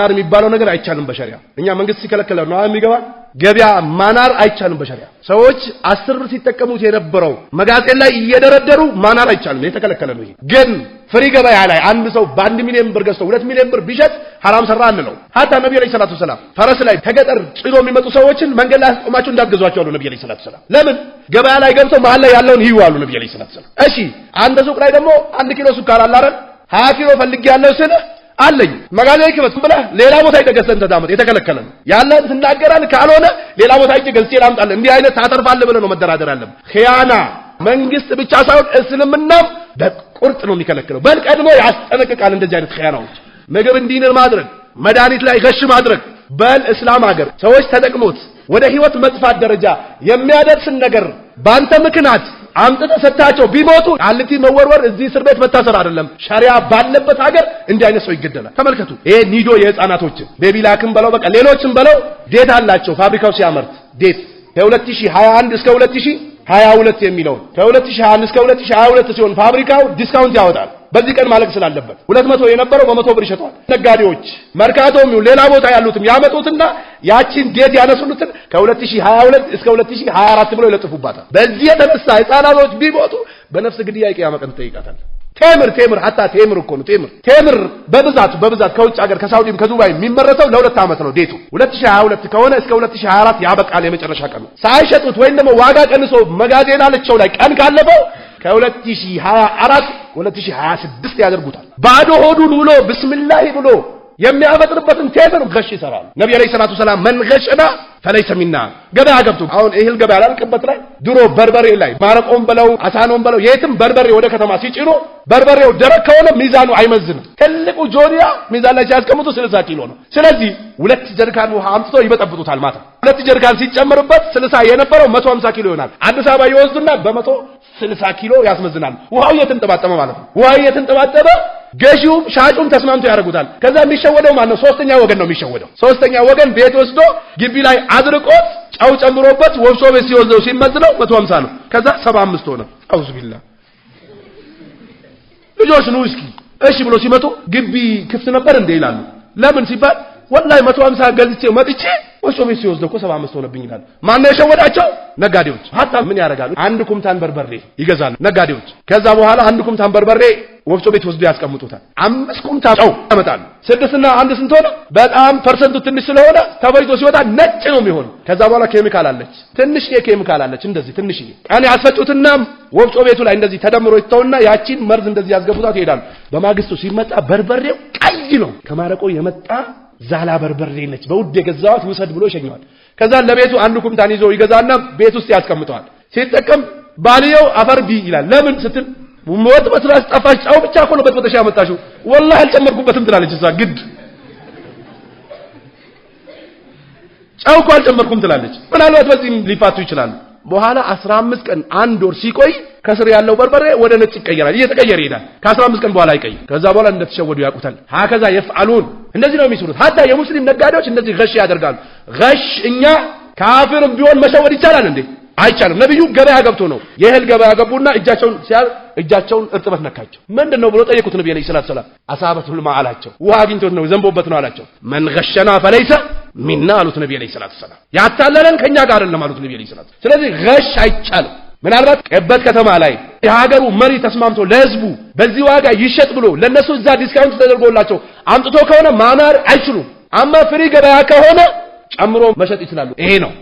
ማናር የሚባለው ነገር አይቻልም በሸሪያ። እኛ መንግስት ሲከለከለ ነው የሚገባ ገበያ ማናር አይቻልም በሸሪያ። ሰዎች አስር ብር ሲጠቀሙት የነበረው መጋዜን ላይ እየደረደሩ ማናር አይቻልም፣ የተከለከለ ነው። ግን ፍሪ ገበያ ላይ አንድ ሰው በአንድ ሚሊዮን ብር ገዝተው ሁለት ሚሊዮን ብር ቢሸጥ ሐራም ሰራ አንለው። ሀታ ነቢ ዐለይሂ ሰላቱ ሰላም ፈረስ ላይ ከገጠር ጭኖ የሚመጡ ሰዎችን መንገድ ላይ አስቆማቸው እንዳትገዟቸው አሉ ነቢ ዐለይሂ ሰላቱ ሰላም። ለምን ገበያ ላይ ገብተው መሀል ላይ ያለውን ይዩ አሉ ነቢ ዐለይሂ ሰላቱ ሰላም። እሺ አንድ ሱቅ ላይ ደግሞ አንድ ኪሎ ሱካር አላረን ሀያ ኪሎ ፈልጌ ያለው ስልህ አለኝ መጋዘ ክፈት ብለህ ሌላ ቦታ ይገዝተህ ተዳመጥ የተከለከለ ነው። ያለህን ትናገራለህ። ካልሆነ ሌላ ቦታ ይገ ገዝቼ ላምጣልህ። እንዲህ አይነት ታተርፋለህ ብለህ ነው መደራደር አለም። ኺያና መንግስት ብቻ ሳይሆን እስልምናም በቁርጥ ነው የሚከለክለው። በል ቀድሞ ያስጠነቅቃል። እንደዚህ አይነት ኺያናዎች ምግብ እንዲንር ማድረግ፣ መድኃኒት ላይ ገሽ ማድረግ በል እስላም ሀገር ሰዎች ተጠቅሞት ወደ ህይወት መጥፋት ደረጃ የሚያደርስን ነገር በአንተ ምክንያት አምጥተ ሰታቸው ቢሞቱ ቃሊቲ መወርወር እዚህ እስር ቤት መታሰር አይደለም። ሸሪያ ባለበት ሀገር እንዲህ አይነት ሰው ይገደላል። ተመልከቱ። ይሄ ኒዶ የህፃናቶችን ቤቢ ላክም በለው በቃ ሌሎችም በለው ዴት አላቸው። ፋብሪካው ሲያመርት ዴት ከ2021 እስከ 2022 የሚለውን ከ2021 እስከ 2022 ሲሆን ፋብሪካው ዲስካውንት ያወጣል። በዚህ ቀን ማለቅ ስላለበት ሁለት መቶ የነበረው በመቶ ብር ይሸጠዋል። ነጋዴዎች መርካቶም ሌላ ቦታ ያሉትም ያመጡትና ያቺን ዴት ያነሱሉትን ከ2022 እስከ 2024 ብለው ይለጥፉባታል። በዚህ የተነሳ ህፃናቶች ቢሞቱ በነፍስ ግድያ ይቀ ያመቀን ትጠይቃታል። ቴምር ቴምር ሀታ ቴምር እኮ ነው። ቴምር ቴምር በብዛት በብዛት ከውጭ ሀገር ከሳውዲም ከዱባይ የሚመረተው ለሁለት ዓመት ነው። ዴቱ 2022 ከሆነ እስከ 2024 ያበቃል። የመጨረሻ ቀን ሳይሸጡት ወይም ደግሞ ዋጋ ቀንሶ አለቸው ላይ ቀን ካለፈው ከ2024 2026 ያደርጉታል። ባዶ ሆዱን ውሎ ብስምላሂ ብሎ የሚያፈጥርበትን ቴትር ገሽ ይሰራሉ። ነቢ አለይሂ ሰላቱ ሰላም መንገሽና ፈለይሰ ሚና ገበያ ገብቶ አሁን እህል ገበያ ላልቅበት ላይ ድሮ በርበሬ ላይ ማረቆም በለው አሳኖም በለው የትም በርበሬ ወደ ከተማ ሲጭኖ በርበሬው ደረቅ ከሆነ ሚዛኑ አይመዝንም። ትልቁ ጆሪያ ሚዛን ላይ ሲያስቀምጡ ስልሳ ኪሎ ነው። ስለዚህ ሁለት ጀሪካን ውሃ አምጥቶ ይበጠብጡታል ማታ ሁለት ጀሪካን ሲጨምርበት 60 የነበረው 150 ኪሎ ይሆናል። አዲስ አበባ ይወስዱና በ 60 ኪሎ ያስመዝናል። ውሃው እየተንጠባጠበ ማለት ነው። ውሃው እየተንጠባጠበ ገዢውም ሻጩም ተስማምቶ ያደርጉታል። ከዛ የሚሸወደው ማን ነው? ሶስተኛ ወገን ነው የሚሸወደው። ሶስተኛ ወገን ቤት ወስዶ ግቢ ላይ አድርቆ ጨው ጨምሮበት ወፍጮ ቤት ሲወዘው ሲመዝነው 150 ነው። ከዛ 75 ሆነ። አውዝ ቢላ ልጆች ነው እስኪ እሺ ብሎ ሲመጡ ግቢ ክፍት ነበር እንዴ ይላሉ። ለምን ሲባል ወላይ 150 ገዝቼ መጥቼ ወፍጮ ቤት ሲወስድ እኮ ሰባ አምስት ሆነብኝ ይላል። ነው የሸወዳቸው? ነጋዴዎች። ሀታ ምን ያደርጋሉ? አንድ ኩምታን በርበሬ ይገዛሉ ነጋዴዎች። ከዛ በኋላ አንድ ኩምታን በርበሬ ወፍጮ ቤት ወስዶ ያስቀምጡታል። አምስት ኩምታ ጨው ያመጣሉ። ስድስትና አንድ ስንት ሆነ? በጣም ፐርሰንቱ ትንሽ ስለሆነ ተበልቶ ሲወጣ ነጭ ነው የሚሆነው። ከዛ በኋላ ኬሚካል አለች፣ ትንሽ ኬሚካል አለች። እንደዚህ ትንሽ ቀን ያስፈጩትና ወፍጮ ቤቱ ላይ እንደዚህ ተደምሮ ይተውና ያቺን መርዝ እንደዚህ ያስገቡታት ይሄዳሉ። በማግስቱ ሲመጣ በርበሬው ቀይ ነው ከማረቆ የመጣ ዛላ በርበሬ ነች በውድ የገዛዋት ውሰድ ብሎ ይሸኘዋል። ከዛ ለቤቱ አንድ ኩምታን ይዞ ይገዛና ቤት ውስጥ ያስቀምጠዋል። ሲጠቀም ባልየው አፈር ቢ ይላል። ለምን ስትል ወጥ በስራስ ጠፋሽ፣ ጫው ብቻ እኮ ነው በጥበጥሽ ያመጣሽው፣ ወላሂ አልጨመርኩበትም ትላለች እሷ ግድ ጫው እኮ አልጨመርኩም ትላለች። ምናልባት በዚህም ሊፋቱ ይችላሉ። በኋላ 15 ቀን አንድ ወር ሲቆይ ከስር ያለው በርበሬ ወደ ነጭ ይቀየራል። እየተቀየረ ይሄዳል። ከ15 ቀን በኋላ አይቀይም። ከዛ በኋላ እንደተሸወዱ ያውቁታል። ሀከዛ የፍዓሉን እንደዚህ ነው የሚስሩት። ሀታ የሙስሊም ነጋዴዎች እንደዚህ ገሽ ያደርጋሉ። ገሽ እኛ ካፍርም ቢሆን መሸወድ ይቻላል እንዴ? አይቻልም። ነብዩ ገበያ ገብቶ ነው የእህል ገበያ ገቡና እጃቸውን ሲያ እጃቸውን እርጥበት ነካቸው። ምንድን ነው ብሎ ጠየቁት። ነቢ ዐለይሂ ሰላቱ ሰላም አሳበቱል ማ አላቸው። ውሃ አግኝቶት ነው ዘንቦበት ነው አላቸው። መን ገሸና ፈለይሰ ሚና አሉት ነቢ ዐለይሂ ሰላቱ ሰላም። ያታለለን ከእኛ ጋር አይደለም አሉት ነቢ ዐለይሂ ሰላቱ ስለዚህ ገሽ አይቻልም። ምናልባት ቀበት ከተማ ላይ የሀገሩ መሪ ተስማምቶ ለህዝቡ በዚህ ዋጋ ይሸጥ ብሎ ለእነሱ እዛ ዲስካውንት ተደርጎላቸው አምጥቶ ከሆነ ማማር አይችሉም። አማ ፍሪ ገበያ ከሆነ ጨምሮ መሸጥ ይችላሉ። ይሄ ነው